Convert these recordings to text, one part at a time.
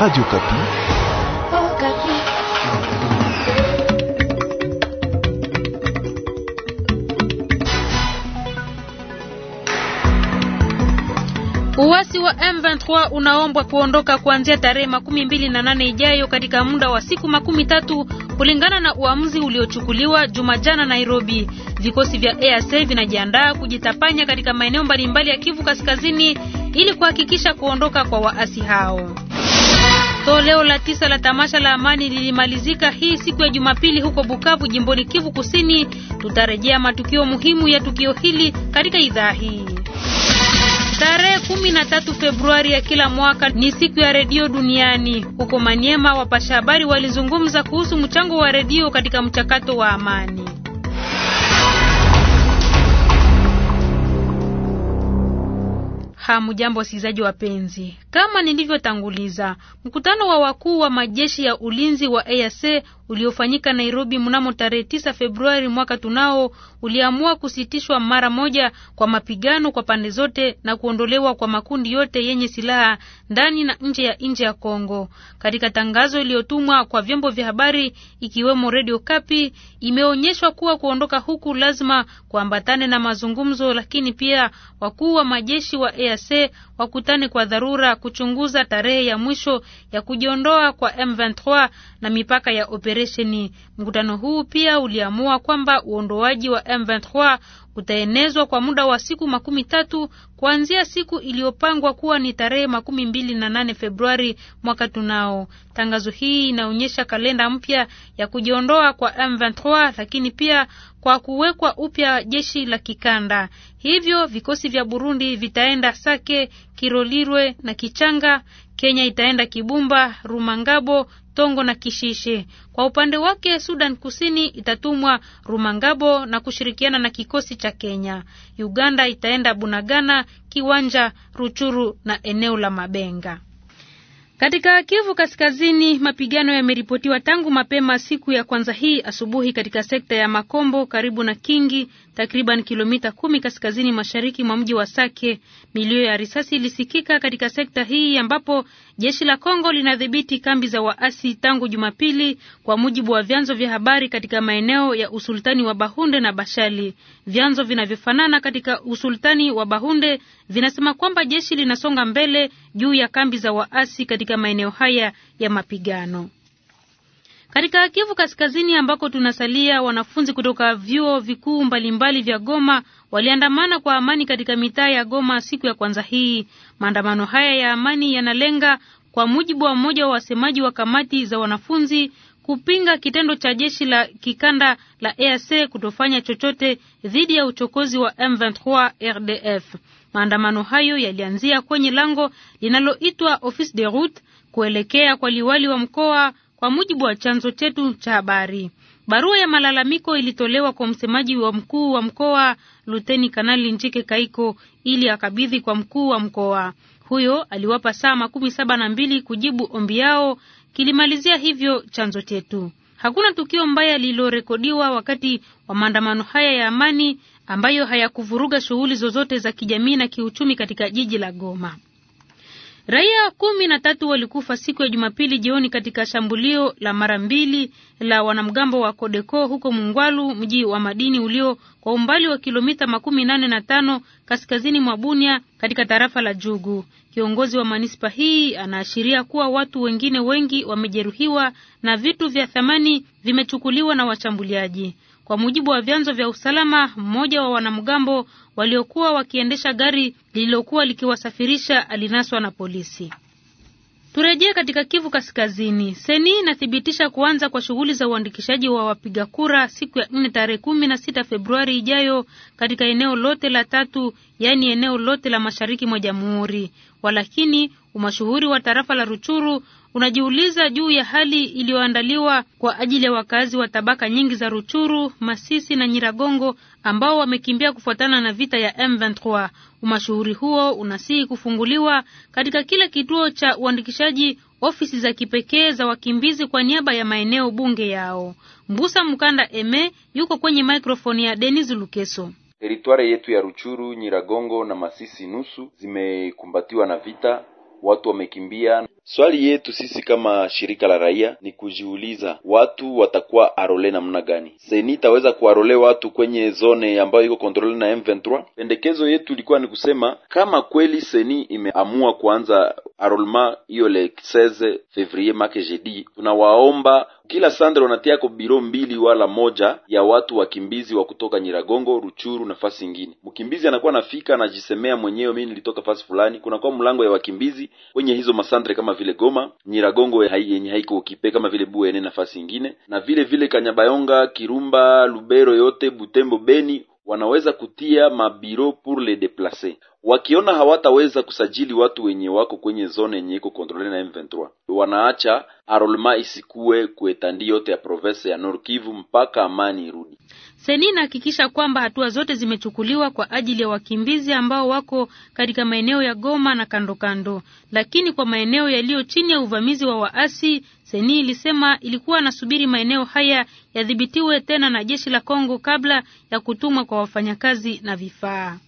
Radio Okapi. Uasi wa M23 unaombwa kuondoka kuanzia tarehe makumi mbili na nane ijayo katika muda wa siku makumi tatu kulingana na uamuzi uliochukuliwa Jumajana Nairobi. Vikosi vya EAC vinajiandaa kujitapanya katika maeneo mbalimbali ya Kivu Kaskazini ili kuhakikisha kuondoka kwa waasi hao. Toleo la tisa la tamasha la amani lilimalizika hii siku ya Jumapili huko Bukavu jimboni Kivu Kusini. Tutarejea matukio muhimu ya tukio hili katika idhaa hii. Tarehe 13 Februari ya kila mwaka ni siku ya redio duniani. Huko maniema wapasha habari walizungumza kuhusu mchango wa redio katika mchakato wa amani. Hamujambo wasikilizaji wapenzi, kama nilivyotanguliza, mkutano wa wakuu wa majeshi ya ulinzi wa EAC uliofanyika Nairobi mnamo tarehe tisa Februari mwaka tunao uliamua kusitishwa mara moja kwa mapigano kwa pande zote na kuondolewa kwa makundi yote yenye silaha ndani na nje ya nje ya Kongo. Katika tangazo iliyotumwa kwa vyombo vya habari ikiwemo Radio Kapi, imeonyeshwa kuwa kuondoka huku lazima kuambatane na mazungumzo, lakini pia wakuu wa majeshi wa EAC wakutane kwa dharura kuchunguza tarehe ya mwisho ya kujiondoa kwa M23 na mipaka ya operesheni. Mkutano huu pia uliamua kwamba uondoaji wa M23 utaenezwa kwa muda wa siku makumi tatu kuanzia siku iliyopangwa kuwa ni tarehe makumi mbili na nane Februari mwaka tunao. Tangazo hii inaonyesha kalenda mpya ya kujiondoa kwa M23 lakini pia kwa kuwekwa upya jeshi la kikanda. Hivyo vikosi vya Burundi vitaenda Sake, Kirolirwe na Kichanga. Kenya itaenda Kibumba, Rumangabo, Tongo na Kishishe. Kwa upande wake, Sudan Kusini itatumwa Rumangabo na kushirikiana na kikosi cha Kenya. Uganda itaenda Bunagana, Kiwanja, Ruchuru na eneo la Mabenga. Katika Kivu Kaskazini, mapigano yameripotiwa tangu mapema siku ya kwanza hii asubuhi katika sekta ya Makombo karibu na Kingi takriban kilomita kumi kaskazini mashariki mwa mji wa Sake. Milio ya risasi ilisikika katika sekta hii ambapo jeshi la Kongo linadhibiti kambi za waasi tangu Jumapili, kwa mujibu wa vyanzo vya habari katika maeneo ya usultani wa Bahunde na Bashali. Vyanzo vinavyofanana katika usultani wa Bahunde vinasema kwamba jeshi linasonga mbele juu ya kambi za waasi katika maeneo haya ya mapigano. Katika Kivu Kaskazini ambako tunasalia, wanafunzi kutoka vyuo vikuu mbalimbali vya Goma waliandamana kwa amani katika mitaa ya Goma siku ya kwanza hii. Maandamano haya ya amani yanalenga, kwa mujibu wa mmoja wa wasemaji wa kamati za wanafunzi, kupinga kitendo cha jeshi la kikanda la EAC kutofanya chochote dhidi ya uchokozi wa M23 RDF. Maandamano hayo yalianzia kwenye lango linaloitwa Office de Route kuelekea kwa liwali wa mkoa kwa mujibu wa chanzo chetu cha habari. Barua ya malalamiko ilitolewa kwa msemaji wa mkuu wa mkoa Luteni Kanali Njike Kaiko ili akabidhi kwa mkuu wa mkoa huyo. Aliwapa saa makumi saba na mbili kujibu ombi yao, kilimalizia hivyo chanzo chetu. Hakuna tukio mbaya lililorekodiwa wakati wa maandamano haya ya amani ambayo hayakuvuruga shughuli zozote za kijamii na kiuchumi katika jiji la Goma. Raia kumi na tatu walikufa siku ya Jumapili jioni katika shambulio la mara mbili la wanamgambo wa Kodeko huko Mungwalu, mji wa madini ulio kwa umbali wa kilomita makumi nane na tano kaskazini mwa Bunia katika tarafa la Jugu. Kiongozi wa manispa hii anaashiria kuwa watu wengine wengi wamejeruhiwa na vitu vya thamani vimechukuliwa na washambuliaji. Kwa mujibu wa vyanzo vya usalama, mmoja wa wanamgambo waliokuwa wakiendesha gari lililokuwa likiwasafirisha alinaswa na polisi. Turejee katika Kivu Kaskazini. Seni inathibitisha kuanza kwa shughuli za uandikishaji wa wapiga kura siku ya nne tarehe kumi na sita Februari ijayo katika eneo lote la tatu, yaani eneo lote la mashariki mwa jamhuri, walakini Umashuhuri wa tarafa la Ruchuru unajiuliza juu ya hali iliyoandaliwa kwa ajili ya wakazi wa tabaka nyingi za Ruchuru, Masisi na Nyiragongo ambao wamekimbia kufuatana na vita ya M23. Umashuhuri huo unasihi kufunguliwa katika kila kituo cha uandikishaji ofisi za kipekee za wakimbizi kwa niaba ya maeneo bunge yao. Mbusa Mkanda Eme yuko kwenye mikrofoni ya Denis Lukeso. Teritwari yetu ya Ruchuru, Nyiragongo na Masisi nusu zimekumbatiwa na vita watu wamekimbia. Swali yetu sisi kama shirika la raia ni kujiuliza watu watakuwa arole namna gani? Seni itaweza kuarole watu kwenye zone ambayo iko kontrole na M23. Pendekezo yetu ilikuwa ni kusema kama kweli seni imeamua kuanza arolema hiyo le 16 Fevrier make jeudi, tunawaomba kila sandre wanatiako biro mbili wala moja ya watu wakimbizi wa kutoka Nyiragongo, Ruchuru na fasi ingine. Mkimbizi anakuwa nafika anajisemea mwenyewe, mimi nilitoka fasi fulani. Kunakuwa mlango ya wakimbizi kwenye hizo masandre kama vile Goma, Nyiragongo yenye haiko ukipe kama vile Buene na fasi ingine, na vile vile Kanyabayonga, Kirumba, Lubero yote Butembo, Beni wanaweza kutia mabiro pour les déplacer. Wakiona hawataweza kusajili watu wenye wako kwenye zone yenye iko kontrole na M23, wanaacha arolema isikue kuetandi yote ya province ya Nord Kivu mpaka amani irudi. Seni inahakikisha kwamba hatua zote zimechukuliwa kwa ajili ya wakimbizi ambao wako katika maeneo ya Goma na kando kando, lakini kwa maeneo yaliyo chini ya uvamizi wa waasi, Seni ilisema ilikuwa nasubiri maeneo haya yadhibitiwe tena na jeshi la Kongo kabla ya kutumwa kwa wafanyakazi na vifaa.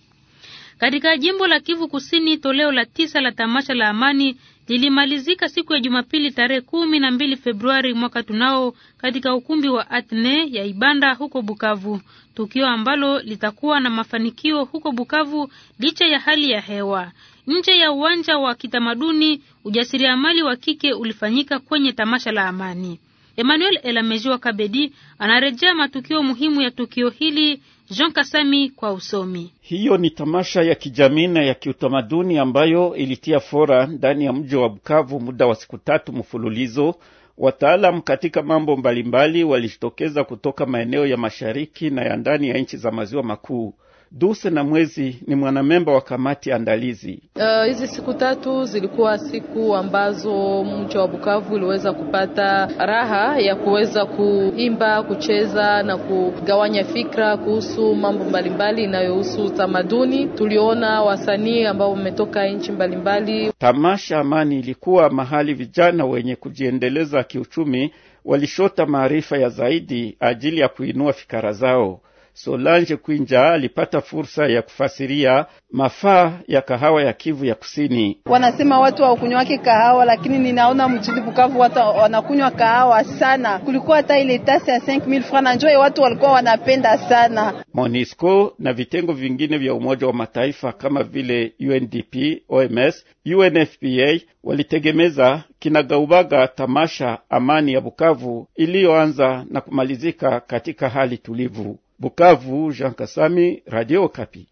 Katika jimbo la Kivu Kusini, toleo la tisa la tamasha la amani lilimalizika siku ya Jumapili tarehe kumi na mbili Februari mwaka tunao katika ukumbi wa Atne ya Ibanda huko Bukavu, tukio ambalo litakuwa na mafanikio huko Bukavu licha ya hali ya hewa. Nje ya uwanja wa kitamaduni, ujasiriamali wa kike ulifanyika kwenye tamasha la amani. Emmanuel Elamejiwa Kabedi anarejea matukio muhimu ya tukio hili Jean Kasami kwa usomi. Hiyo ni tamasha ya kijamii na ya kiutamaduni ambayo ilitia fora ndani ya mji wa Bukavu muda wa siku tatu mfululizo. Wataalamu katika mambo mbalimbali walijitokeza kutoka maeneo ya mashariki na ya ndani ya nchi za maziwa makuu. Duse na Mwezi ni mwanamemba wa kamati andalizi. Uh, hizi uh, siku tatu zilikuwa siku ambazo mji wa Bukavu uliweza kupata raha ya kuweza kuimba, kucheza na kugawanya fikra kuhusu mambo mbalimbali inayohusu tamaduni. Tuliona wasanii ambao wametoka nchi mbalimbali. Tamasha Amani ilikuwa mahali vijana wenye kujiendeleza kiuchumi walishota maarifa ya zaidi ajili ya kuinua fikara zao. Solange Kwinja alipata fursa ya kufasiria mafaa ya kahawa ya Kivu ya Kusini. Wanasema watu hawakunywake kahawa, lakini ninaona mjini Bukavu watu wanakunywa kahawa sana. Kulikuwa hata ile tasi ya 5000 francs njoe, watu walikuwa wanapenda sana. Monisco na vitengo vingine vya Umoja wa Mataifa kama vile UNDP, OMS, UNFPA walitegemeza kinagaubaga tamasha amani ya Bukavu iliyoanza na kumalizika katika hali tulivu. Bukavu, Jean Kasami, Radio Kapi.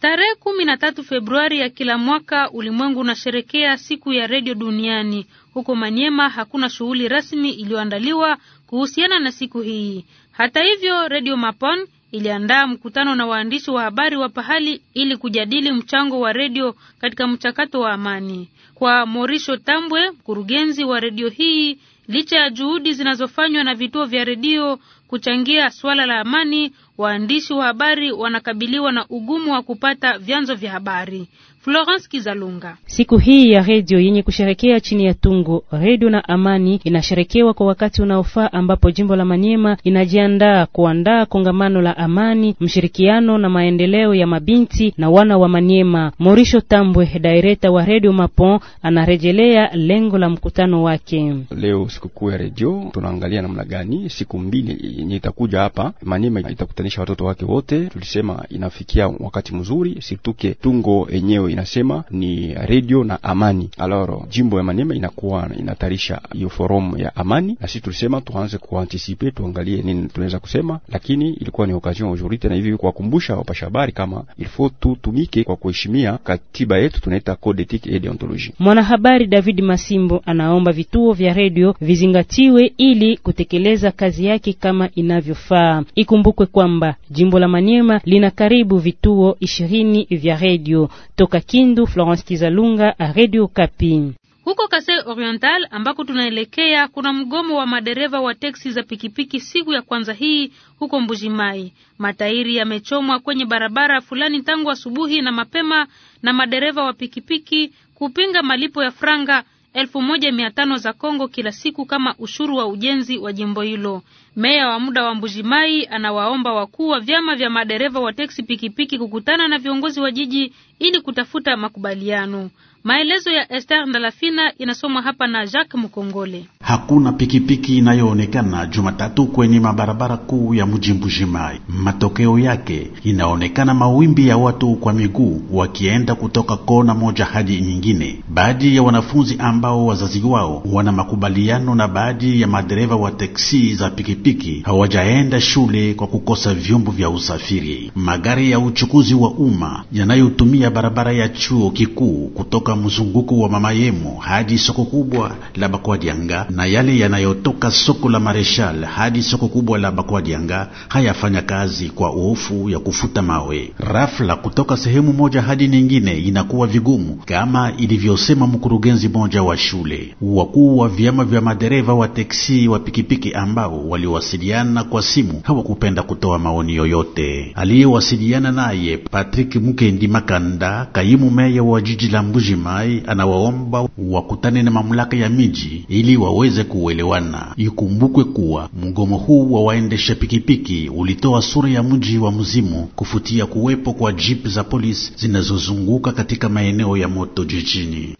Tarehe 13 Februari ya kila mwaka ulimwengu unasherekea siku ya redio duniani. Huko Manyema hakuna shughuli rasmi iliyoandaliwa kuhusiana na siku hii. Hata hivyo, redio Mapon iliandaa mkutano na waandishi wa habari wa pahali ili kujadili mchango wa redio katika mchakato wa amani. Kwa Morisho Tambwe, mkurugenzi wa redio hii Licha ya juhudi zinazofanywa na vituo vya redio kuchangia swala la amani, waandishi wa habari wanakabiliwa na ugumu wa kupata vyanzo vya habari. Florence Kizalunga. Siku hii ya redio yenye kusherekea chini ya tungo redio na amani inasherekewa kwa wakati unaofaa, ambapo jimbo la Manyema inajiandaa kuandaa kongamano la amani, mshirikiano na maendeleo ya mabinti na wana wa Manyema. Morisho Tambwe, daireta wa redio Mapon, anarejelea lengo la mkutano wake. Leo sikukuu ya redio, tunaangalia namna gani siku mbili yenye itakuja hapa Manyema itakutanisha watoto wake wote. Tulisema inafikia wakati mzuri, situke tungo enyewe inasema ni redio na amani. Aloro jimbo ya Manema inakuwa inatarisha hiyo forum ya amani, na sisi tulisema tuanze kuantisipe, tuangalie nini tunaweza kusema, lakini ilikuwa ni occasion aujourd'hui tena hivi kuwakumbusha wapasha habari kama ilifo tutumike kwa kuheshimia katiba yetu, tunaita code ethique et deontologie. Mwanahabari David Masimbo anaomba vituo vya redio vizingatiwe ili kutekeleza kazi yake kama inavyofaa. Ikumbukwe kwamba jimbo la manyema lina karibu vituo ishirini vya redio toka Kindu, Florence Kizalunga, Radio Kapi. Huko Kasai Oriental ambako tunaelekea, kuna mgomo wa madereva wa teksi za pikipiki siku ya kwanza hii huko Mbujimai. Matairi yamechomwa kwenye barabara fulani tangu asubuhi na mapema na madereva wa pikipiki kupinga malipo ya franga elfu moja mia tano za Kongo kila siku kama ushuru wa ujenzi wa jimbo hilo. Meya wa muda wa Mbujimai anawaomba wakuu wa vyama vya madereva wa teksi pikipiki kukutana na viongozi wa jiji ili kutafuta makubaliano. Maelezo ya Esther Ndalafina inasomwa hapa na Jacques Mukongole. Hakuna pikipiki inayoonekana Jumatatu kwenye mabarabara kuu ya mji mbujimai Matokeo yake inaonekana mawimbi ya watu kwa miguu wakienda kutoka kona moja hadi nyingine. Baadhi ya wanafunzi ambao wazazi wao wana makubaliano na baadhi ya madereva wa teksi za pikipiki pikipiki hawajaenda shule kwa kukosa vyombo vya usafiri. Magari ya uchukuzi wa umma yanayotumia barabara ya chuo kikuu kutoka mzunguko wa Mama Yemo hadi soko kubwa la Bakwadianga na yale yanayotoka soko la Mareshal hadi soko kubwa la Bakwadianga hayafanya kazi kwa hofu ya kufuta mawe. Rafla kutoka sehemu moja hadi nyingine inakuwa vigumu, kama ilivyosema mkurugenzi mmoja wa shule. Wakuu wa vyama vya madereva wa teksi wa pikipiki ambao walio waliowasiliana kwa simu hawakupenda kutoa maoni yoyote. Aliyewasiliana naye Patrick Mukendi Makanda, kaimu meya wa jiji la Mbujimai, anawaomba wakutane na mamlaka ya miji ili waweze kuelewana. Ikumbukwe kuwa mgomo huu wa waendesha pikipiki ulitoa sura ya mji wa mzimu kufutia kuwepo kwa jeep za polisi zinazozunguka katika maeneo ya moto jijini.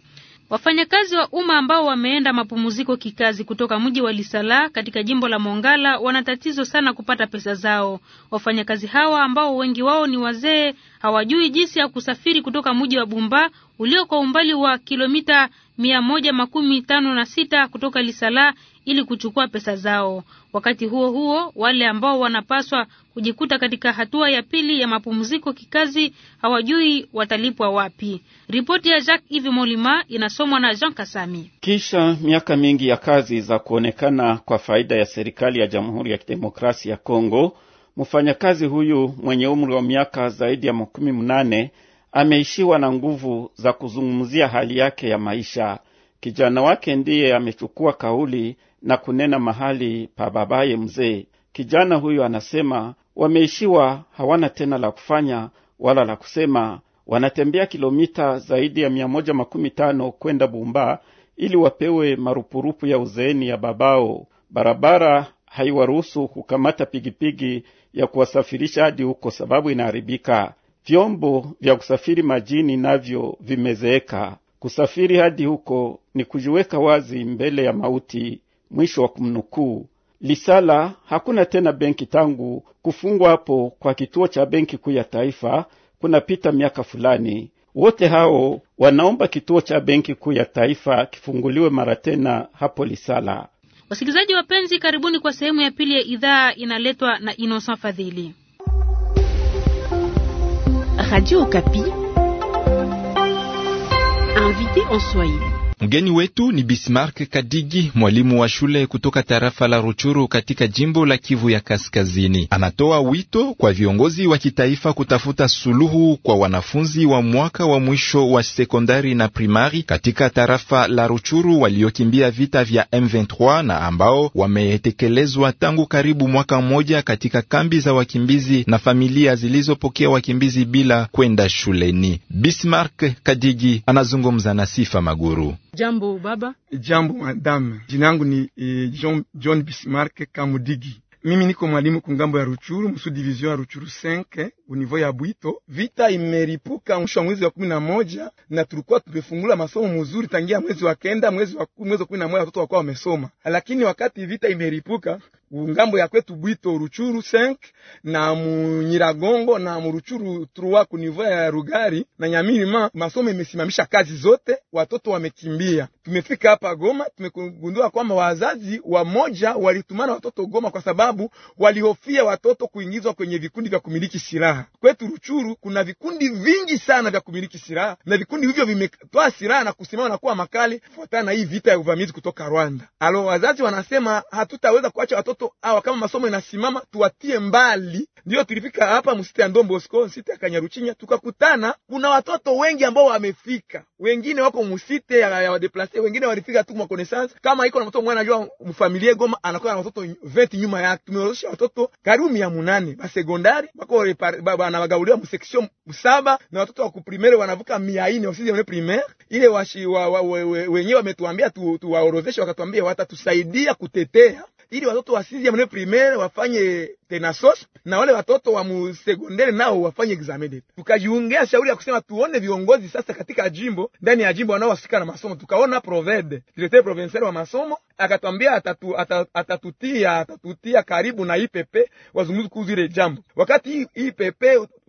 Wafanyakazi wa umma ambao wameenda mapumziko kikazi kutoka mji wa Lisala katika jimbo la Mongala wana tatizo sana kupata pesa zao. Wafanyakazi hawa ambao wengi wao ni wazee hawajui jinsi ya kusafiri kutoka mji wa Bumba ulio kwa umbali wa kilomita mia moja makumi tano na sita kutoka Lisala ili kuchukua pesa zao. Wakati huo huo, wale ambao wanapaswa kujikuta katika hatua ya pili ya mapumziko kikazi hawajui watalipwa wapi. Ripoti ya Jacques Yves Molima inasomwa na Jean Kasami. Kisha miaka mingi ya kazi za kuonekana kwa faida ya serikali ya Jamhuri ya Kidemokrasia ya Kongo, mfanyakazi huyu mwenye umri wa miaka zaidi ya makumi mnane ameishiwa na nguvu za kuzungumzia hali yake ya maisha. Kijana wake ndiye amechukua kauli na kunena mahali pa babaye mzee. Kijana huyo anasema wameishiwa, hawana tena la kufanya wala la kusema. Wanatembea kilomita zaidi ya mia moja makumi tano kwenda Bumba ili wapewe marupurupu ya uzeeni ya babao. Barabara haiwaruhusu kukamata pigipigi ya kuwasafirisha hadi huko, sababu inaharibika. Vyombo vya kusafiri majini navyo vimezeeka. Kusafiri hadi huko ni kujiweka wazi mbele ya mauti. Mwisho wa kumnukuu. Lisala hakuna tena benki tangu kufungwa hapo kwa kituo cha benki kuu ya taifa kunapita miaka fulani. Wote hao wanaomba kituo cha benki kuu ya taifa kifunguliwe mara tena hapo Lisala. Wasikilizaji wapenzi, karibuni kwa sehemu ya pili ya idhaa inaletwa na Innocent Fadhili, Radio Okapi, invité en Swahili. Mgeni wetu ni Bismarck Kadigi, mwalimu wa shule kutoka tarafa la Ruchuru katika jimbo la Kivu ya Kaskazini. Anatoa wito kwa viongozi wa kitaifa kutafuta suluhu kwa wanafunzi wa mwaka wa mwisho wa sekondari na primari katika tarafa la Ruchuru waliokimbia vita vya M23 na ambao wametekelezwa tangu karibu mwaka mmoja katika kambi za wakimbizi na familia zilizopokea wakimbizi bila kwenda shuleni. Bismark Kadigi anazungumza na Sifa Maguru. Jambo baba. Jambo madame. Jina yangu ni eh, John, John Bismarck Kamudigi. Mimi niko mwalimu kungambo ya Ruchuru, msu division ya Ruchuru 5 univo ya Bwito. Vita imeripuka mwisho wa mwezi wa kumi na moja na tulikuwa tumefungula masomo mzuri tangia mwezi wa kenda mwezi wa mwezi wa kumi na moja watoto wakuwa wamesoma, lakini wakati vita imeripuka ngambo ya kwetu Bwito, Ruchuru 5 na Munyiragongo na Muruchuru ku kunivo ya Rugari na Nyamirima, masomo imesimamisha kazi zote, watoto wamekimbia. Tumefika hapa Goma, tumegundua kwamba wazazi wa moja walitumana watoto Goma kwa sababu walihofia watoto kuingizwa kwenye vikundi vya kumiliki silaha silaha. Kwetu Ruchuru kuna vikundi vingi sana vya kumiliki silaha, na vikundi hivyo vimetoa silaha na kusimama na kuwa makali kufuatana na hii vita ya uvamizi kutoka Rwanda. Alo, wazazi wanasema hatutaweza kuacha watoto hawa, kama masomo inasimama tuwatie mbali. Ndiyo tulifika hapa msiti ya Ndombosko, msiti ya Kanyaruchinya, tukakutana kuna watoto wengi ambao wamefika, wengine wako msite ya, ya wadeplase, wengine walifika tu mwa connaissance. Kama iko na mtoto mwana jua mfamilie Goma anakuwa na watoto 20 nyuma yake, tumeorosha watoto karibu 800 ba sekondari bako banawagaulia museksio saba na watoto wa kuprimere wanavuka mia ine wasije mne primaire ile washi wa, wa, wenyewe wametuambia tuwaorozeshe, tu wakatuambia watatusaidia kutetea ili watoto wa sixieme na primaire wafanye tenasos na wale watoto wa musegondere nao wafanye examen deta. Tukajiongea shauri ya kusema tuone viongozi sasa katika jimbo ndani ya jimbo wanaohusika na masomo. Tukaona proved directeur provincial wa masomo akatwambia atatu, atatutia atatutia karibu na IPP wazunguzi kuhusu ile jambo wakati IPP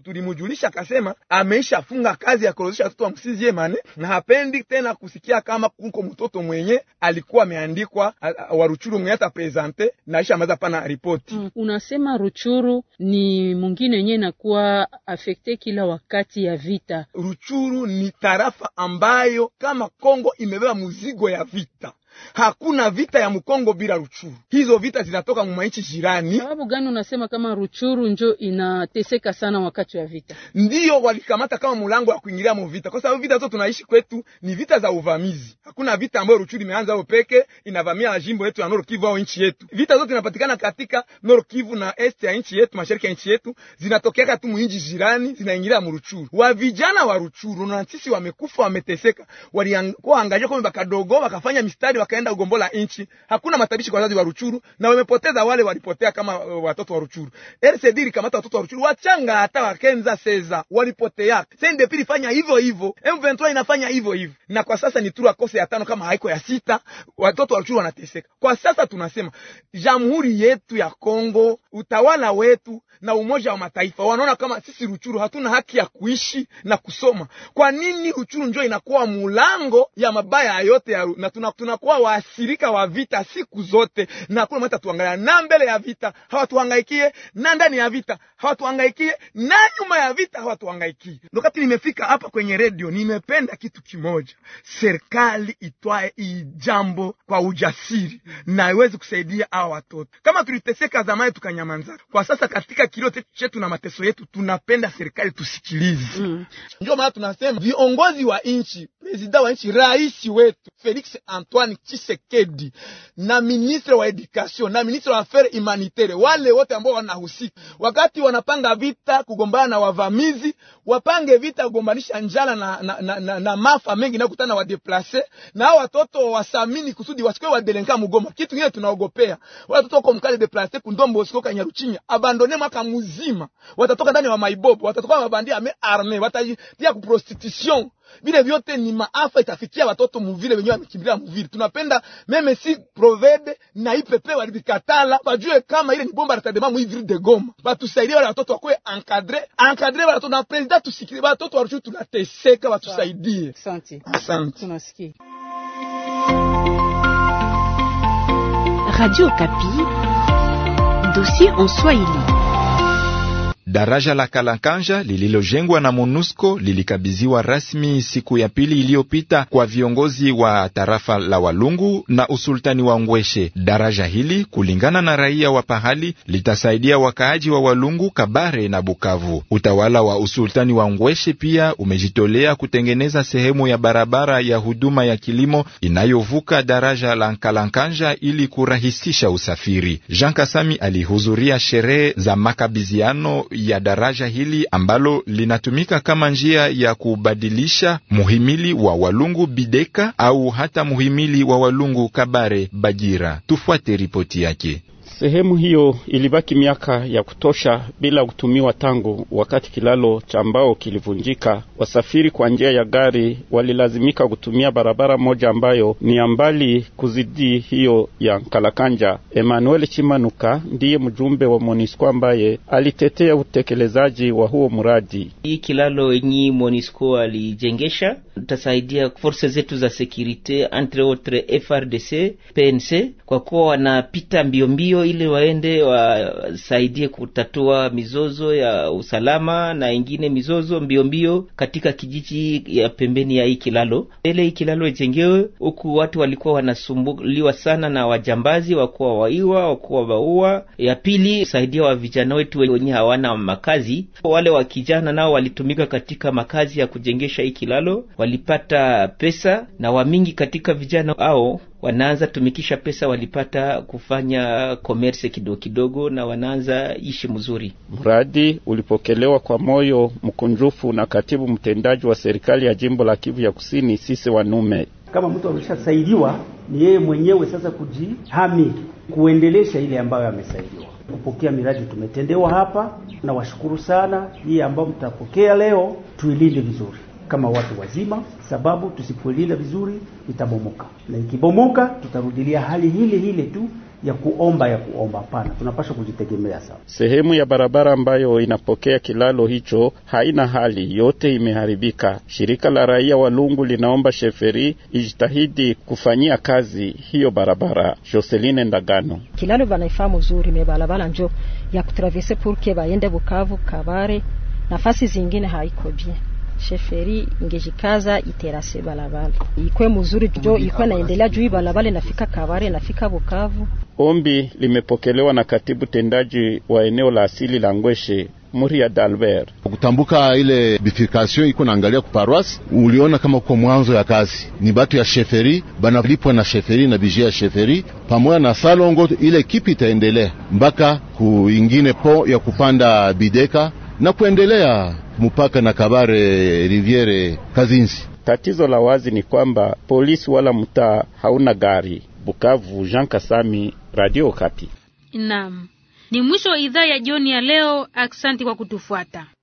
tulimujulisha, akasema ameishafunga kazi ya kuorozesha watoto wa msizie mane na hapendi tena kusikia kama kuko mtoto mwenye alikuwa ameandikwa wa mwenye hata presente na isha maza pana ripoti mm. Unasema ruchuru ni mwingine yenye nakuwa afekte kila wakati ya vita. Ruchuru ni tarafa ambayo kama Kongo imebeba mzigo ya vita Hakuna vita ya Mkongo bila Ruchuru, hizo vita zinatoka mwanchi jirani. Sababu gani unasema kama Ruchuru njo inateseka sana wakati wa vita? Ndiyo walikamata kama mulango wa kuingilia mu vita, kwa sababu vita zote tunaishi kwetu ni vita za uvamizi. Hakuna vita ambayo Ruchuru imeanza au peke inavamia jimbo yetu ya Nord au nchi yetu. Vita zote zinapatikana katika Nord na est ya nchi yetu, mashariki ya nchi yetu, zinatokea tu mwinji jirani, zinaingilia mu Ruchuru. Wa vijana wa Ruchuru na sisi wamekufa, wameteseka, waliangalia kwa bakadogo, wakafanya mistari wakaenda ugombo la nchi, hakuna matabishi kwa wazazi wa Ruchuru na wamepoteza wale walipotea kama uh, watoto wa Ruchuru. RCD ilikamata watoto wa Ruchuru wachanga, hata wakenza seza walipotea. Sende pili fanya hivyo hivyo, M23 inafanya hivyo hivyo, na kwa sasa ni tura kose ya tano kama haiko ya sita. Watoto wa Ruchuru wanateseka kwa sasa. Tunasema jamhuri yetu ya Kongo, utawala wetu na Umoja wa Mataifa wanaona kama sisi Ruchuru hatuna haki ya kuishi na kusoma. Kwa nini Ruchuru njo inakuwa mulango ya mabaya yote ya, na tunakuwa tuna wanakuwa waasirika wa vita siku zote, na kuna mwata tuangalia na mbele ya vita hawatuangaikie, na ndani ya vita hawatuangaikie, na nyuma ya vita hawatuangaikie. Ndo kati nimefika hapa kwenye redio, nimependa kitu kimoja, serikali itwae hii jambo kwa ujasiri na iweze kusaidia hawa watoto. Kama tuliteseka zamani tukanyamanza, kwa sasa katika kilio chetu na mateso yetu tunapenda serikali tusikilize. Mm. Ndio maana tunasema viongozi wa nchi, prezida wa nchi, rais wetu Felix Antoine Chisekedi na ministre wa education na ministre wa affaires humanitaires, wale wote ambao wanahusika wakati wanapanga vita kugombana na wavamizi, wapange vita kugombanisha njala na, na, na, na, na mafa mengi na kutana wadeplase na watoto wasamini kusudi wasikoe delenka mugoma. Kitu kingine tunaogopea wale watoto wako mkali deplase kundombo usiko kanyaruchinya abandone mwaka mzima, watatoka ndani wa maibobo, watatoka mabandia ame arme, watajia ku prostitution vile vyote ni maafa itafikia watoto muvile wenyewe wamekimbilia muvile. Tunapenda meme si provede na IPP walivikatala, wajue kama ile ni bomba la tadema muivile de Goma, batusaidie wale watoto wakoe encadre encadre wale watoto na president, tusikilie watoto warushu, tunateseka, watusaidie. Asante, asante, tunasikia Radio Kapi, dossier en Swahili. Daraja la Kalakanja lililojengwa na MONUSCO lilikabidhiwa rasmi siku ya pili iliyopita kwa viongozi wa tarafa la Walungu na usultani wa Ngweshe. Daraja hili kulingana na raia wa pahali litasaidia wakaaji wa Walungu, Kabare na Bukavu. Utawala wa usultani wa Ngweshe pia umejitolea kutengeneza sehemu ya barabara ya huduma ya kilimo inayovuka daraja la Kalakanja ili kurahisisha usafiri. Jean Kasami alihudhuria sherehe za makabiziano ya daraja hili ambalo linatumika kama njia ya kubadilisha muhimili wa Walungu Bideka au hata muhimili wa Walungu Kabare Bajira. Tufuate ripoti yake. Sehemu hiyo ilibaki miaka ya kutosha bila kutumiwa tangu wakati kilalo cha mbao kilivunjika. Wasafiri kwa njia ya gari walilazimika kutumia barabara moja ambayo ni ya mbali kuzidi hiyo ya Kalakanja. Emmanuel Chimanuka ndiye mjumbe wa Monisco ambaye alitetea utekelezaji wa huo mradi. Hii kilalo yenye Monisco alijengesha tutasaidia forse zetu za sekurite entre autres FRDC, PNC kwa kuwa wanapita mbio mbio ili waende wasaidie kutatua mizozo ya usalama na ingine mizozo mbio mbio katika kijiji ya pembeni ya hii kilalo. Mbele hii kilalo ijengewe huku watu walikuwa wanasumbuliwa sana na wajambazi, wakuwa waiwa, wakuwa baua. Ya pili saidia wa vijana wetu wenye hawana makazi, wale wa kijana nao walitumika katika makazi ya kujengesha hii kilalo walipata pesa na wamingi katika vijana hao wanaanza tumikisha pesa walipata kufanya komerse kidogo kidogo, na wanaanza ishi mzuri. Mradi ulipokelewa kwa moyo mkunjufu na katibu mtendaji wa serikali ya jimbo la Kivu ya Kusini. Sisi wanume kama mtu ameshasaidiwa, ni yeye mwenyewe sasa kujihami kuendelesha ile ambayo amesaidiwa kupokea miradi tumetendewa hapa, na washukuru sana. Hii ambayo mtapokea leo tuilinde vizuri kama watu wazima, sababu tusipolila vizuri itabomoka, na ikibomoka tutarudilia hali hile hile tu ya kuomba ya kuomba. Hapana, tunapaswa kujitegemea. Sawa, sehemu ya barabara ambayo inapokea kilalo hicho haina hali, yote imeharibika. Shirika la raia wa Lungu linaomba sheferi ijitahidi kufanyia kazi hiyo barabara. Joseline Ndagano, kilalo banaifaa mzuri, me barabara njo ya kutravese purke baende Bukavu, Kabare, nafasi zingine haiko bien sheferi ingejikaza iterase balabale ikwe mzuri jo ikwe naendelea juu balabala nafika Kabare nafika Bukavu. Ombi limepokelewa na katibu tendaji wa eneo la asili la Ngweshe Muria Dalbert. Kutambuka ile bifurkation iko naangalia ku paroisse, uliona kama kwa mwanzo ya kazi ni batu ya sheferi banalipwa na sheferi na bijia ya sheferi pamoja na salongo, ile kipi itaendelea mpaka kuingine po ya kupanda bideka na kuendelea mpaka na Kabare Riviere Kazinzi. Tatizo la wazi ni kwamba polisi wala mtaa hauna gari. Bukavu, Jean Kasami, Radio Kapi. Naam. Ni mwisho wa idhaa ya jioni ya leo. Aksanti kwa kutufuata.